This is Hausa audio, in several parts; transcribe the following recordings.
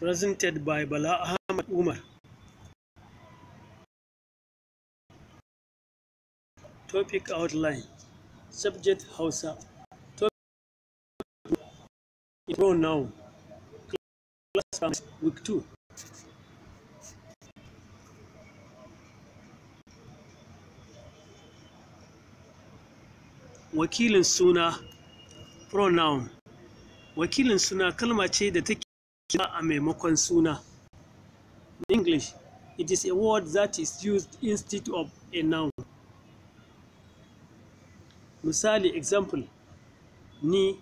presented by Bala Ahmad Umar. Topic outline Subject Hausa. Topic Pronoun Class Week 2. Wakilin suna pronoun Wakilin suna kalma ce da take a maimakon suna. In English, it is a word that is used instead of a noun. Misali example, ni,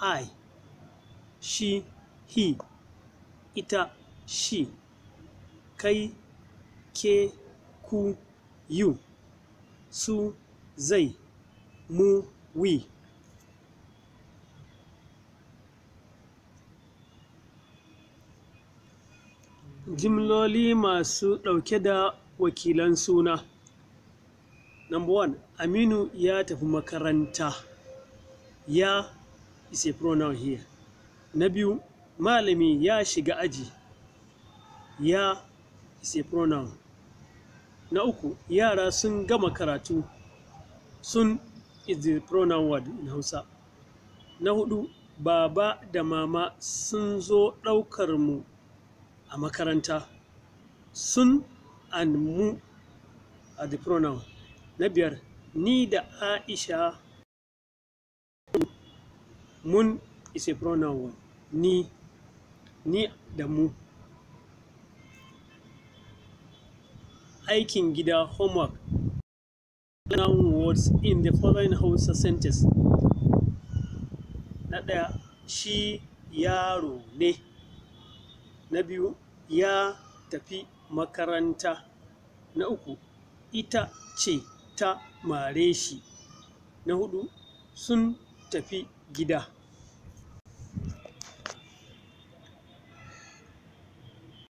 I, she, he, ita, she, kai, ke, ku, you, su, zai, mu, we. jimloli masu ɗauke da wakilan suna number one aminu ya tafi makaranta ya is a pronoun here na biyu malami ya shiga aji ya is a pronoun na uku yara sun gama karatu sun is the pronoun word in hausa na hudu baba da mama sun zo ɗaukar mu a makaranta sun and mu a the pronoun na biyar ni da aisha mun is a pronoun ni ni da mu aikin gida homework pronoun words in the following Hausa sentence na ɗaya shi yaro ne na biyu ya tafi makaranta na uku ita ce ta mare shi na hudu sun tafi gida